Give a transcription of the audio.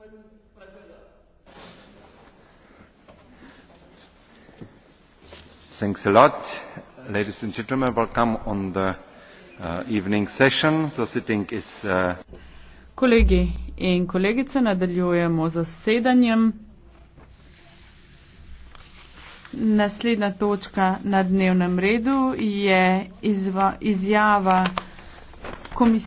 分分寸的。Thanks a lot. Ladies and gentlemen, welcome on the uh, evening session. The sitting is. Uh, Kolegi in kolegice, nadaljujemo z zasedanjem. Naslednja točka na dnevnem redu je izjava komisije.